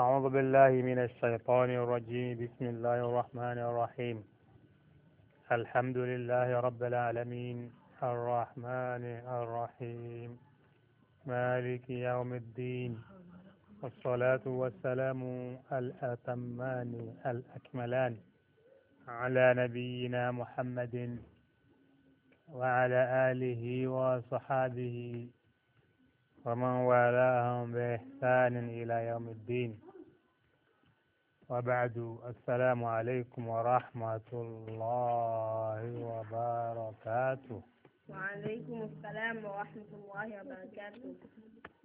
أعوذ بالله من الشيطان الرجيم بسم الله الرحمن الرحيم الحمد لله رب العالمين الرحمن الرحيم مالك يوم الدين والصلاة والسلام الأتمان الأكملان على نبينا محمد وعلى آله وصحابه ومن والاهم بإحسان إلى يوم الدين وبعد السلام عليكم ورحمة الله وبركاته وعليكم السلام ورحمة الله وبركاته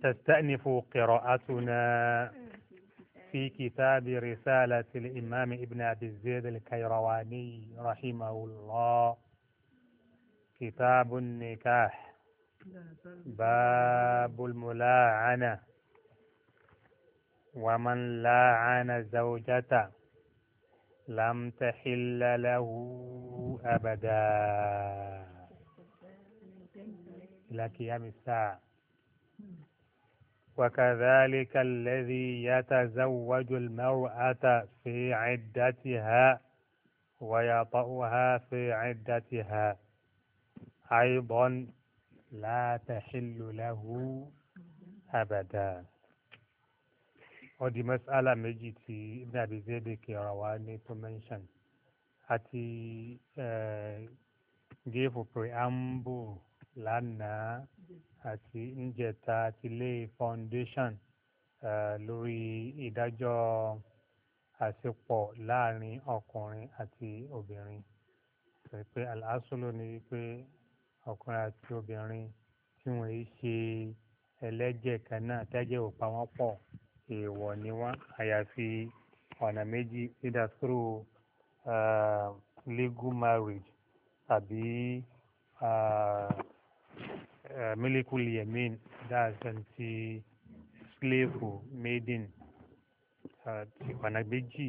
تستأنف قراءتنا في كتاب رسالة الإمام ابن أبي الزيد الكيرواني رحمه الله كتاب النكاح باب الملاعنة ومن لاعن زوجته لم تحل له أبدا إلى قيام الساعة وكذلك الذي يتزوج المرأة في عدتها ويطأها في عدتها أيضا لا تحل له أبدا ó di mas'ala méjì tí ibn abi zayd kẹrọ wa ní tó mention àti eh, géèfù preamble lánàá àti ńjẹta àti lé foundation eh, lórí ìdájọ́ àṣepọ̀ láàrin ọkùnrin àti obìnrin pé aláṣọlò ni wípé ọkùnrin àti obìnrin tí wọ́n ṣe ẹlẹ́jẹ̀ kan náà tẹ́jẹ̀ ò pa wọ́n pọ̀ èèwọ̀ ni wá àyàfi ọ̀nà méjì either through uh, legal marriage àbí uh, uh, milikul yemin dasanti ti slave maiden uh, ọ̀nà méjì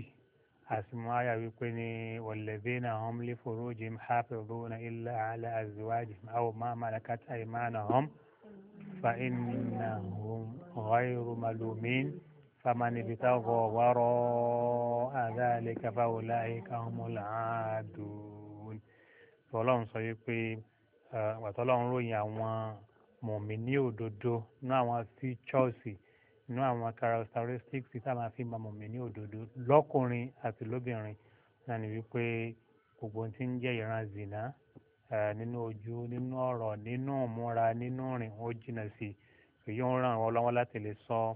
asimaya wípé ní hum hom lè forò hafidhuna illa ala azwajihim aw ma malakat aymanahum fa innahum ghayru malumin. فمن ابتغى وراء ذلك فأولئك هم العادون tọ́lọ́run sọ yìí pé àtọ́lọ́run ròyìn àwọn mọ̀mìnì òdodo nínú àwọn fíchọ́ọ̀sì nínú àwọn characteristics tá a máa fi mọ mọ̀mìnì òdodo lọ́kùnrin àti lóbìnrin náà ni wípé gbogbo tí ń jẹ́ ìran zina nínú ojú nínú ọ̀rọ̀ nínú ìmúra nínú rìn ó jìnnà sí èyí ń ràn wọ́n lọ́wọ́ láti lè sọ ọ́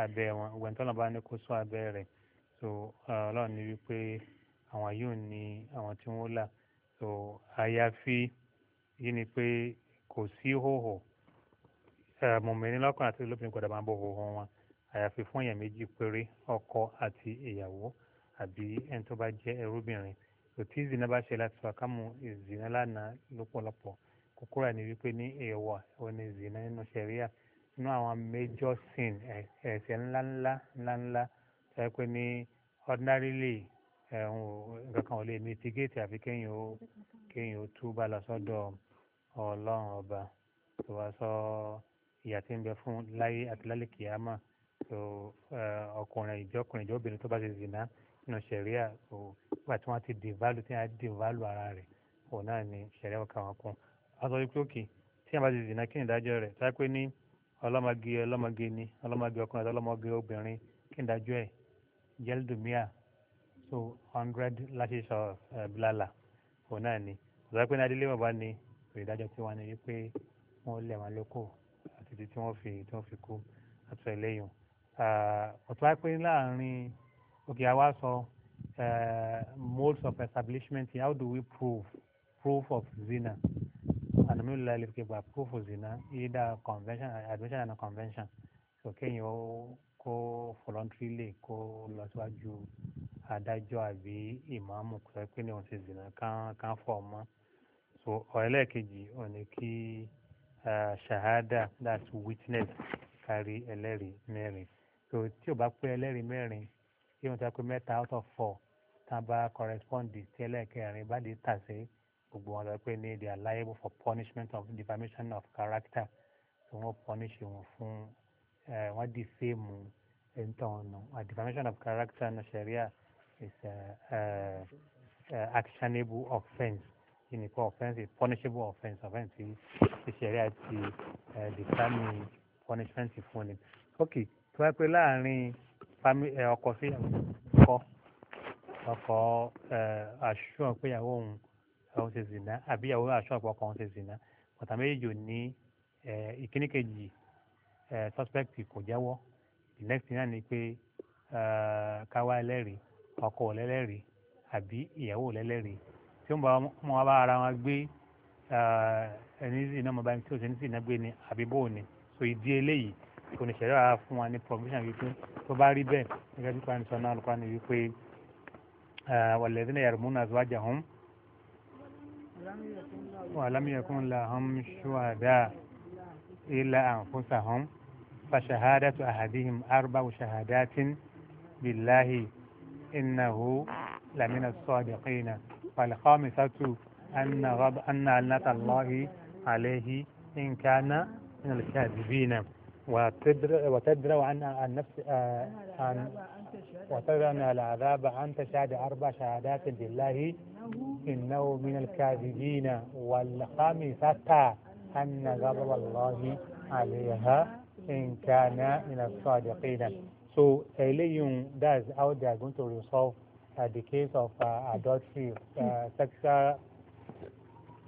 abẹ́ wọn ọgbẹ́ni tọ́lọ́ bá ní kó sọ abẹ́ rẹ̀ so ah, ọlọ́run ní wípé àwọn yóò ní àwọn tí wọ́n là so àyàfi yìí ni pé kò sí hòhò ah, mọ̀mìnì lọ́kàn àti olóbìnrin gbọ́dọ̀ máa bọ̀ hòhò wọn àyàfi fún èèyàn méjì péré ọkọ àti ìyàwó àbí ẹni tó bá jẹ́ ẹrúbìnrin so tí ìzìnà bá ṣe láti wà ìzìnà lánàá lọ́pọ̀lọpọ̀ kókóra ni wípé ní èèwọ̀ òní ìzìnà nínú ṣẹ̀ríà nínú àwọn major sin ẹ̀ṣẹ̀ ńláńlá ńláńlá tó yẹ pé ní ordinarily nǹkan kan ò lè mitigate àfi kéèyàn ó kéèyàn ó túbà lọ sọ́dọ̀ ọlọ́run ọba tó wá sọ ìyà tí ń bẹ fún láyé àti lálẹ́ kìámà tó ọkùnrin ìjọkùnrin ìjọbìnrin tó bá ti zìnà nínú sẹ̀ríà tó gbà tí wọ́n ti devalue tí wọ́n á devalue ara rẹ̀ òun náà ni sẹ̀ríà ọkà wọn kún. a sọ wípé òkè tí wọ́n bá ti zìnà kí ni ìdájọ́ rẹ̀ tó yẹ pé ní ọlọ́mọge ọlọ́mọge ni ọlọ́mọge ọkùnrin àti ọlọ́mọge obìnrin kí n dájọ́ ẹ̀ jẹ́lídùmíà so hundred lashes of uh, eh, bilala òun náà ni ọ̀sán pé ní adílé bàbá ni ìdájọ́ tí wọ́n ní wípé wọ́n lẹ̀ wọ́n lóko àti tí wọ́n fi tí wọ́n fi kú àti ẹlẹ́yìn ọ̀tún ah, wáyé pé láàrin òkè àwa sọ eh, modes of establishment how do we prove proof of zina anamílò lálẹ́ fi gba proof zina either convention admission and convention so kéèyàn kó voluntarily kó lọ síwájú adájọ́ àbí ìmáàmù kó sọ pé ní òun ṣe zina kán fọ́ ọmọ so ọ̀rẹ́lẹ̀ kejì ò ní kí ṣahada that's witness kárí ẹlẹ́rìí mẹ́rin so tí o bá pé ẹlẹ́rìí mẹ́rin tí wọ́n ti pé mẹ́ta out of four tá a bá correspond sí ẹlẹ́ẹ̀kẹrin bá dé tà sí gbogbo wọn lọ pé ní they are liable for punishment of defamation of character so wọ́n punish wọn fún wọ́n di fíìmù ẹ̀ńtọ́nù defamation of character ní Sharia is a, a, a actionable offence kini kọ offence is punishable offence offence Sharia, ti ṣẹlẹ̀ àti determine punishment fún ni. ok tí wọ́n pe láàrin ọkọ síyàwó kọ́ ọkọ àṣùwọ̀n péyàwó òun ó ṣe zìnà àbí ìyàwó aṣọ àpọ̀kọ̀ ó ṣe zìnà bàtà méjèèjì ò ní ìkíní kejì suspect kò jẹ́wọ́ the next thing náà ni pé káwá ẹlẹ́rìí ọkọ ọ̀lẹ́lẹ́rìí àbí ìyàwó ọ̀lẹ́lẹ́rìí tí ó ń bá wọn bá ara wọn gbé ẹni sì náà mo bá tí òṣèlú sì náà gbé ni àbí bóun ni so ìdí eléyìí kò ní ṣẹ̀dá ara fún wa ní provision wípé tó bá rí bẹ́ẹ̀ gẹ́gẹ́ bí pàṣẹ náà lọ́kọ́ ni wípé wàlẹ́dínlẹ̀ yàrá múnà ولم يكن لهم شهداء إلا أنفسهم فشهادة أحدهم أربع شهادات بالله إنه لمن الصادقين والخامسة أن غض أن لعنة الله عليه إن كان من الكاذبين وتدرى وتدرى عن عن نفس آه، عن واعتبر من العذاب أن تشهد أربع شهادات بالله إنه من الكاذبين والخامسة أن غضب الله عليها إن كان من الصادقين So Eliun, that's how they are going to resolve uh, the case of uh, adultery, uh, sexual,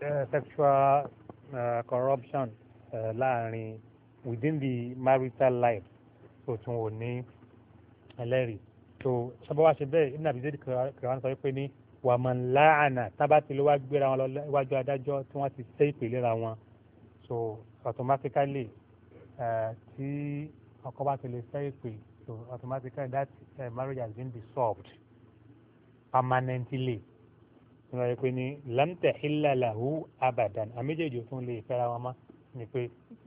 uh, sexual uh, corruption uh, within the marital life. So tí wọ́n ní tó sábàá wá ṣe bẹ́ẹ̀ ibn abizid kìrán sọ pé ní wà mọ̀ láàánà tábà tí ló wá gbéra wọn lọ iwájú adájọ́ tí wọ́n ti ṣe ìpìlẹ̀ ra wọn so automatically tí ọkọ bá ti lè ṣe ìpè so automatically that uh, marriage has been dissolved permanently ní wọ́n yẹ pé ní lámtẹ̀ hílàláhù abadan àméjèèjì òfin lè fẹ́ra wọn mọ́ ni pé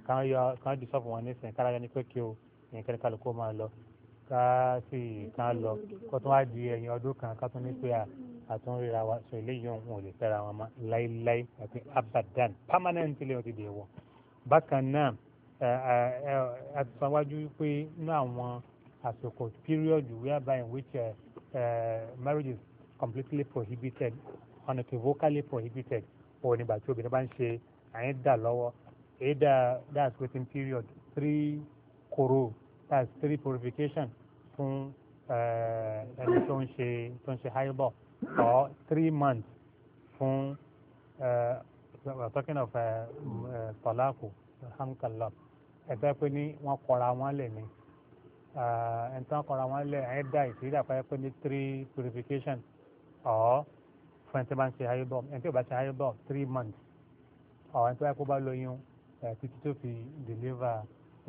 kàn yọ kàn dissolve wọn nísìnyí kára yọ ni pé kí o ìyẹn kálukú máa lọ ká sì kan lọ kó tó wá di ẹ̀yìn ọdún kan ká tó ní pé àtúnríra wa sọ eléyìí òun ò lè fẹ́ra wọn mọ́ láéláé àti abadan permanent lè ti dè wọ. bákan náà a ti sanwájú pé ní àwọn àsìkò period whereby in which marriage is completely prohibited unequivocally prohibited òun nígbà tí obìnrin bá ń ṣe àyín dà lọ́wọ́ èyí dà that's waiting period three koro that's three purification fún eh, ẹni tó ń ṣe tó ń ṣe or three months fún uh, eh, we're talking of eh, tọ́láàkù alhamdulilah ẹgbẹ́ pé ní wọ́n kọra wọn lè ní ẹni tí wọ́n kọra wọn lè ẹ̀ dá ìṣèlú àpẹẹrẹ pé ní three purification or fún ẹni tí wọ́n bá ń ṣe haibọ ẹni tí wọ́n bá ṣe haibọ three months or ẹni tí wọ́n bá kó bá lóyún títí tó fi deliver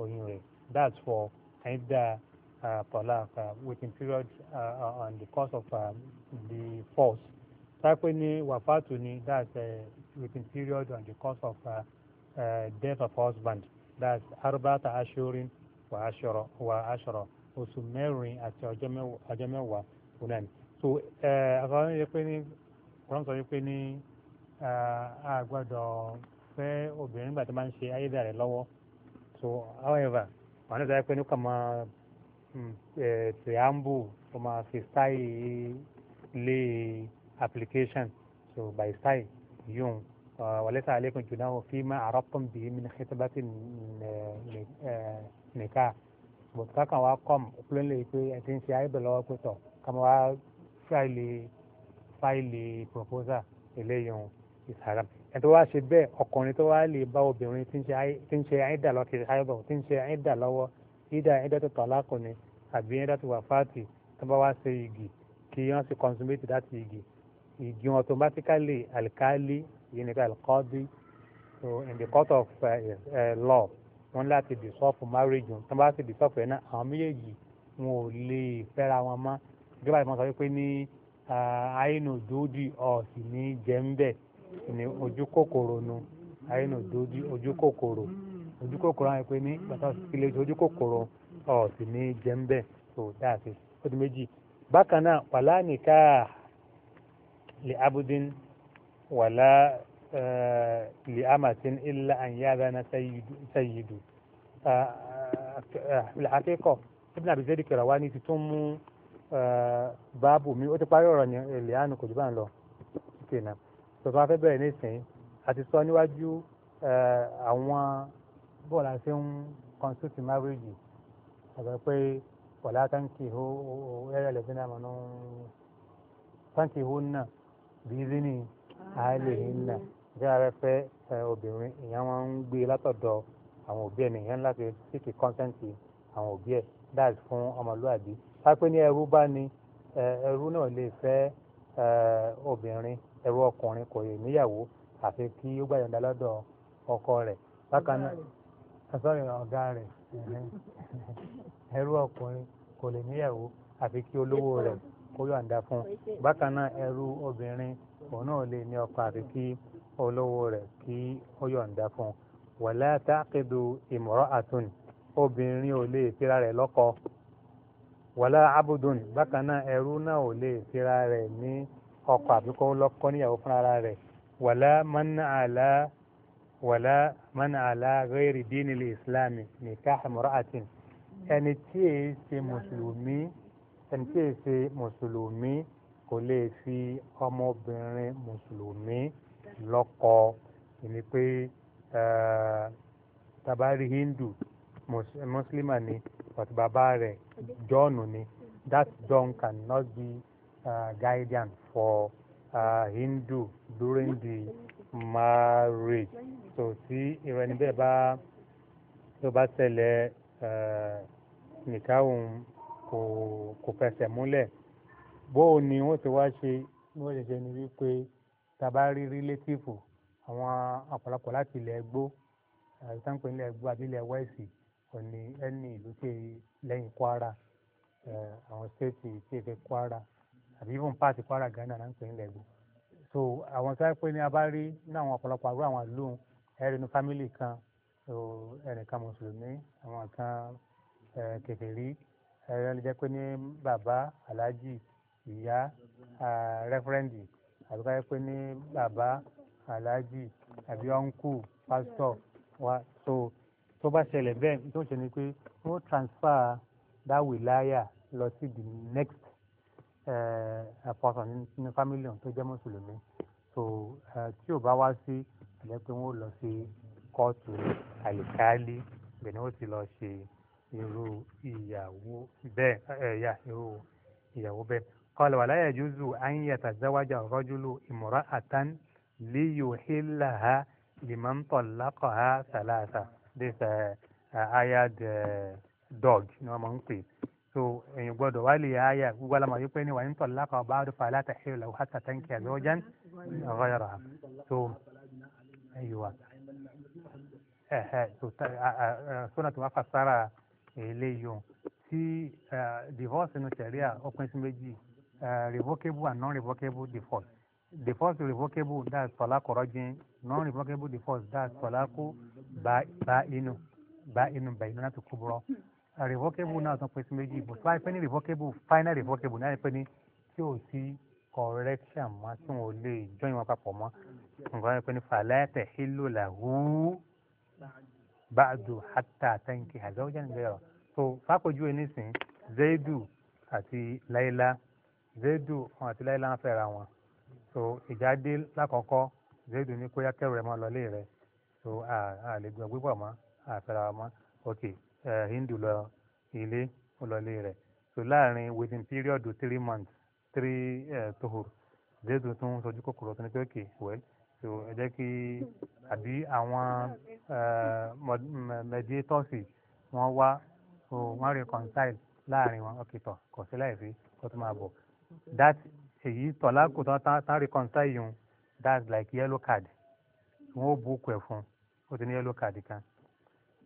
oyún rẹ̀ that's for idda talaq within period on the course of the force tápẹ́ ní wàfáàtù ni that's within period on the course of death of husband that's arba'ata ashurin wa ashara wa ashara oṣù mẹ́rin àti ọjọ́ mẹ́wàá òun náà ni so àkàwọn yẹ pé ní wọ́n sọ pé ní a gbọ́dọ̀ fẹ́ obìnrin nígbà tí wọ́n máa ń ṣe ayédèrè lọ́wọ́ so however àwọn ọ̀dọ́ pé ní kàn máa mm, preambu tó máa fi style lé application so by style yóò wàlẹ́sà alẹ́kùn jùlọ àwọn fíìmù àrọ́pọ̀ bíi mi ní xitabatì nìka bọ̀dù kákan wá kọ́m kúlẹ̀ lè pé ẹ̀tí ń ṣe àìbẹ̀ lọ́wọ́ pé tọ̀ kàmá wá fáìlì fáìlì proposal eléyìí is haram ẹni tó wá ṣe bẹ́ẹ̀ ọkùnrin tó wá lè bá obìnrin tí ń ṣe àyídà lọ kiri àyíbọ̀ tí ń ṣe àyídà lọ́wọ́ ìdá àyídà tó tọ̀lá kò ní àbí àyídà tó wà fáàtì tó bá wá ṣe igi kí wọ́n ṣe consummate that igi igi automatically alikali yìí nípa alikọ́dí so in the court of uh, uh, law wọ́n láti dissolve marriage wọn tó bá ti dissolve ẹ̀ náà àwọn méjèèjì wọn ò lè fẹ́ra wọn mọ́ gẹ́gẹ́ bá ti sọ wípé ní àyínú uh, dòdì ọ̀sìn ní jẹ́ ń bẹ́ẹ̀. ní ojú kòkòrò nu àyínú dojú ojú kòkòrò ojú kòkòrò àwọn ẹgbẹ́ ní gbàtà ìpele ojú kòkòrò ọ̀sìn ní jẹ́ńbẹ́ tó dáàfin ó di méjì bákan náà nìka lè abudin wàlá lè amatin ilà ya na àkẹ́kọ̀ọ́ ibùdó àbí zẹ́dì kẹrọ wá ní ti tún mú báàbù mi ó ti parí ọ̀rọ̀ ní ilẹ̀ àánú kò jù bá ń lọ sọ̀tọ̀ afẹ́ bẹ̀rẹ̀ nísìnyí àti sọ níwájú àwọn bọ́ọ̀lù àti ń consulte marriage àgbà pé wàlá táǹkì hó ẹ̀rẹ́ lẹ́sìn náà mọ̀nà táǹkì hó náà bíi zini àálẹ̀ yìí náà bí ara fẹ́ obìnrin ìyá wọn ń gbé látọ̀dọ̀ àwọn òbí ẹ̀ nìyẹn láti tíkì kọ́ńtẹ́ǹtì àwọn òbí ẹ̀ dáàs fún ọmọlúwàbí pápẹ́ ní ẹrú bá ní ẹrú náà lè fẹ́ obìnrin eru ọkùnrin kò lè níyàwó àfi kí ó gbàyọ̀ǹda lọ́dọ̀ ọkọ rẹ̀ bákan náà sọ́rí ọ̀gá rẹ̀ ẹrú ọkùnrin kò lè níyàwó àfi kí olówó rẹ̀ kó yọ̀ǹda fún bákan náà ẹrú obìnrin òun náà lè ní ọkọ àfi kí olówó rẹ̀ kí ó yọ̀ǹda fún un wala taqidu imra'atun obìnrin ò lè fira wala abudun bákan náà ẹrú náà ò lè fira ní. ọkọ àbí kó lọ́kọ níyàwó fún ara rẹ̀ wàlá man ala wàlá man ala ghairi dini li islami nikah imra'atin ẹni tí èé ṣe mùsùlùmí ẹni tí èé ṣe mùsùlùmí kò lè fi ọmọbìnrin mùsùlùmí lọ́kọ ìní pé tabari hindu mùsùlùmá ni but bàbá rẹ̀ jọ́ọ̀nù ni that john cannot be uh, guidance for uh, hindu during the marriage so see, tí irú ẹni bẹ́ẹ̀ bá tó bá ṣẹlẹ̀ uh, nìkáhùn mule. Bo fẹsẹ̀ múlẹ̀ bóò ni wọ́n ti wá ṣe bí wọ́n ṣe ṣe ni wípé tàbá rí rílétífù àwọn ọ̀pọ̀lọpọ̀ láti ilẹ̀ ẹgbó ìtànpẹ̀ uh, ilẹ̀ ẹgbó àbí ilẹ̀ wẹ́ẹ̀sì òní ẹni ìlú tí lẹ́yìn kwara uh, àwọn stéètì tí èké kwara àbí even part kwara ghana náà ń pè ń lẹ́gbọ̀ọ́ so àwọn tó yẹ pé ní abárí ní àwọn ọ̀pọ̀lọpọ̀ àrùn àwọn ìlú ẹ̀rínú fámìlì kan ẹnìkan mùsùlùmí àwọn kan kèfèrí ẹ̀rọ lè jẹ́ pé ní bàbá aláàjì ìyá rẹ́fúrẹ́ǹdì àbí ká yẹ pé ní bàbá aláàjì àbí ọ̀nkù pásítọ̀ wa so tó bá ṣẹlẹ̀ bẹ́ẹ̀ tó ṣe ni pé ó transfer dáwìláyà lọ sí the next Eh, ẹ̀pọ̀sọ̀ nínú fámílì ọ̀hún tó jẹ́ mùsùlùmí so eh, tí ò bá wá sí ẹ̀jẹ̀ pé wọ́n lọ sí kóòtù àlìkáálí ibẹ̀ ni wọ́n ti lọ ṣe irú ìyàwó bẹ́ẹ̀ ẹ̀yà eh, irú ìyàwó bẹ́ẹ̀ قال ولا يجوز أن يتزوج الرجل امرأة ليحلها لمن طلقها ثلاثة this uh, uh, hired uh, dog ni wọ́n máa ń pè so èyàn gbọ́dọ̀ wá lè yáyà gbogbo àlàmà yìí pé ní wàá ń tọ̀ lápá ọba àdùfà látàkì ìlà òhà tàtàǹkì àzọ́jàn ọ̀rọ̀ so ayiwa ẹ̀hẹ̀ so sọ́nà tó wá fàṣàrà eléyìí o tí divorce nínú sẹ̀ríà ọpin sí méjì revocable and non-revocable divorce divorce revocable that's tọ́lákọ̀ rọ́jìn non-revocable divorce that's tọ́lákọ̀ bá inú bá inú bá inú láti kú revocable now, tán pín sí méjì bó tó bá pẹ́ ní revocable final revocable náà ni pé ní tí ò sí correction mọ́ tí wọn ò lè join wọn papọ̀ mọ́ nǹkan ni pé ní fàlẹ́tẹ̀ hílò làwù báàdù hàtà tẹ́ǹkì àzọ́jà ní ìgbéyàwó so fàpọ̀jù ẹ̀ nísìn zaidu àti laila zaidu wọn àti laila ń fẹ́ra wọn so ìjà dé lákọ̀ọ́kọ́ zaidu ní kó yá kẹrù rẹ mọ́ lọ́lé rẹ so àlejò ẹgbẹ́ pọ̀ mọ́ àfẹ́ra wọn mọ́ okay hindu lọ ilé ó lọ ilé rẹ̀ so láàrin within period of three months three tohor zaidu tún sojú kòkòrò tó ní pé okay well so ẹ jẹ́ kí àbí àwọn mediators wọ́n wá so wọ́n reconcile láàrin wọn okay tọ̀ kò sí láì fi kó tó máa bọ̀ that èyí tọ̀lá kò tán tán reconcile yìí that's like yellow card wọ́n ó bu okùn ẹ̀ fún ó ti ní yellow card kan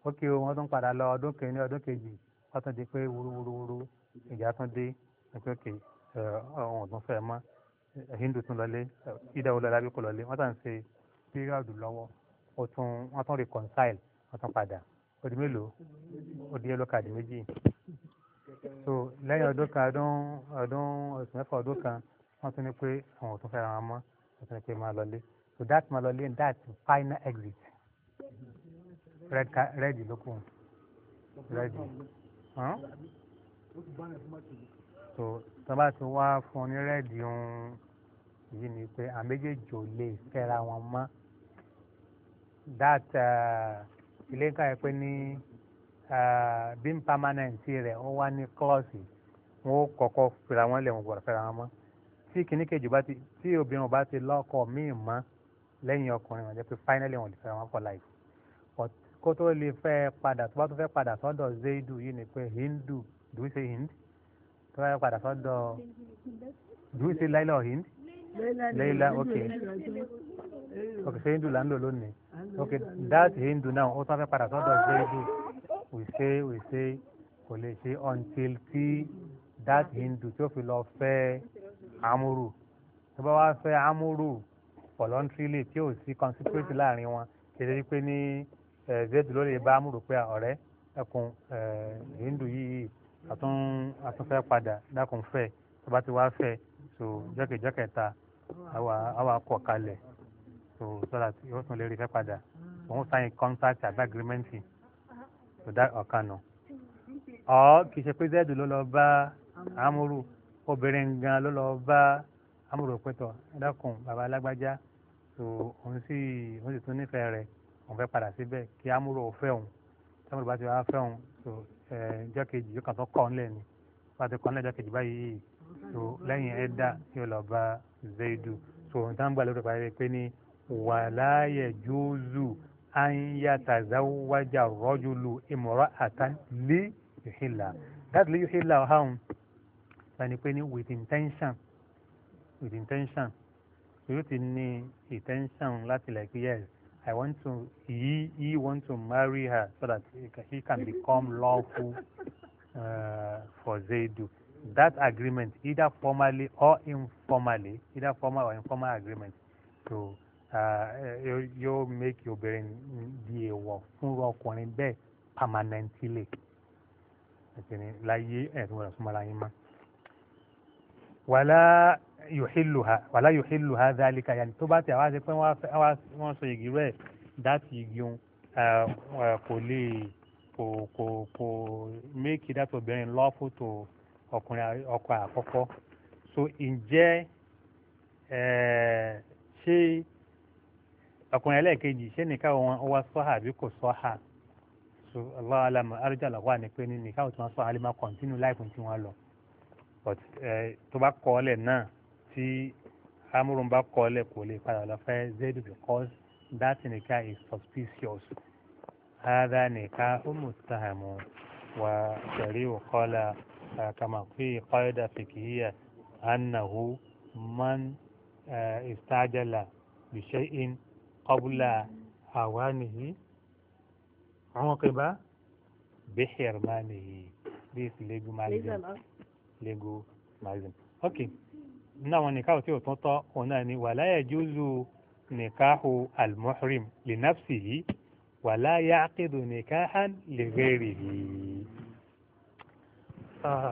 ó kí wọn tún padà lọ ọdún kìíní ọdún kejì wọn tún di pé wúruwúruwúru ìjà tún dé pé òkè ọ̀hún ọ̀dún fẹ́ mọ́ hindu tún lọlé ìdáwó lọlé abíkú lọlé wọn tàn ṣe píríọ̀dù lọ́wọ́ ó tún wọn tún reconcile wọn tún padà odi mélòó odi yẹlò káàdì méjì so lẹ́yìn ọdún kan ọdún ọdún oṣù mẹ́fà ọdún kan wọ́n tún ní pé àwọn òtún fẹ́ràn wọn mọ́ wọ́n tún ní pé máa lọlé so that máa lọlé that final exit rẹ́ẹ̀dì ló kù rẹ́ẹ̀dì so tó bá ti wá fún ní rẹ́ẹ̀dì ohun yìí ni pé àwọn méjèèjì ò lè fẹ́ra wọn mọ́ that uh, ilé ń káyọ̀ pé ní uh, being permanent rẹ̀ ó wá ní klọ́ọ̀sì wọn ó kọ́kọ́ fẹ́ra wọn lẹ̀ wọn gbọ́dọ̀ fẹ́ra wọn mọ́ tí kìíní kejì bá ti tí obìnrin bá ti lọ́kọ míì mọ́ lẹ́yìn ọkùnrin wọn jẹ́ pé finally wọn lè fẹ́ra wọn for life kó tó lè fẹ́ padà tó bá tó fẹ́ padà sọ́dọ̀ zaidu yìí ni pé hindu do we say hind tó fẹ́ padà sọ́dọ̀ do we say laila or hind laila ok ok say hindu là ń lò lónìí ok that hindu now ó tó fẹ́ padà sọ́dọ̀ zaidu we say we say kò lè ṣe until tí that hindu tó fi lọ fẹ́ Amuru. tó bá wá fẹ́ Amuru voluntarily tí ò sí consistency láàrin wọn kì í ṣe pé ní zayd ló lè bá amúrò pé ọ̀rẹ́ ẹkùn hindu yìí àtúnfẹ́ padà dákun fẹ́ tó bá ti wá fẹ́ so jẹ́kẹ̀jẹ́kẹ̀ ta àwa kọ̀ kalẹ̀ so so that yóò tún lè rí fẹ́ padà òun sign contract àbí agreement so that ọ̀kan nù. ọ̀ kì í ṣe pé zayd ló lọ bá amúrò obìnrin gan ló lọ bá amúrò pé dákun bàbá alágbájá so òun sì òun tún nífẹ̀ẹ́ rẹ̀ òun fẹ́ padà síbẹ̀ kí amúrò òfẹ́ òun tí amúrò bá ti wá fẹ́ òun tó ẹ jọ́ kejì yóò kàn tó kọ́ ńlẹ̀ ni bá ti kọ́ ńlẹ̀ jọ́ kejì báyìí tó lẹ́yìn ẹ̀dá yóò lọ bá zaidu tó òun tá ń gbà lórí parí pé ní wàláyé júùzù anyatazawaja rọ́júlù ìmọ̀ràn àtàlí yòhìlà that lè yòhìlà ọ̀háhùn pé ní with intention with intention yóò ti ní intention láti like yes. I want to, he, he want to marry her so that he can become lawful uh, for Zaidu. That agreement, either formally or informally, either formal or informal agreement, to uh, eh, yóò make obìnrin di mm, èèwọ̀ fúnra ọkùnrin bẹ́ẹ̀ permanently. Like you, as well as súnmọ́ láyé yòhìlùhà wàlá yòhìlùhà dálíkà yàtọ̀ tó bá tẹ̀ wá sí pé wọ́n sọ igi rẹ̀ dáàtì igi òun kò lè kò kò kò méèkì dáàtì obìnrin lọ́fù tó ọkùnrin ọkọ àkọ́kọ́ so ǹjẹ́ ṣé ọkùnrin ẹlẹ́ẹ̀kejì ṣé nìkan wọn wá sọ́hà àbí kò sọ́hà so allah alamu arjala wà ní pé nìkan tí wọ́n sọ́hà lè máa kọ̀ntínú láìpẹ́ tí wọ́n lọ but tó bá kọ́ ọ lẹ̀ náà. tí amúrun bá kọ́lẹ̀ kò lè padà lọ fẹ́ zed because that nìkan is suspicious هذا نكاح متهم وشريع قال كما في قاعدة فقهية أنه من استعجل بشيء قبل أوانه عوقب بحرمانه this legalism legalism okay nínú àwọn nìkáhù tí ò tún tọ́ òun náà ni wàlá yajuzu nìkáhù al-muhrim li nafsihi wàlá yaqidu nìkáhàn li ghairihi. Ah.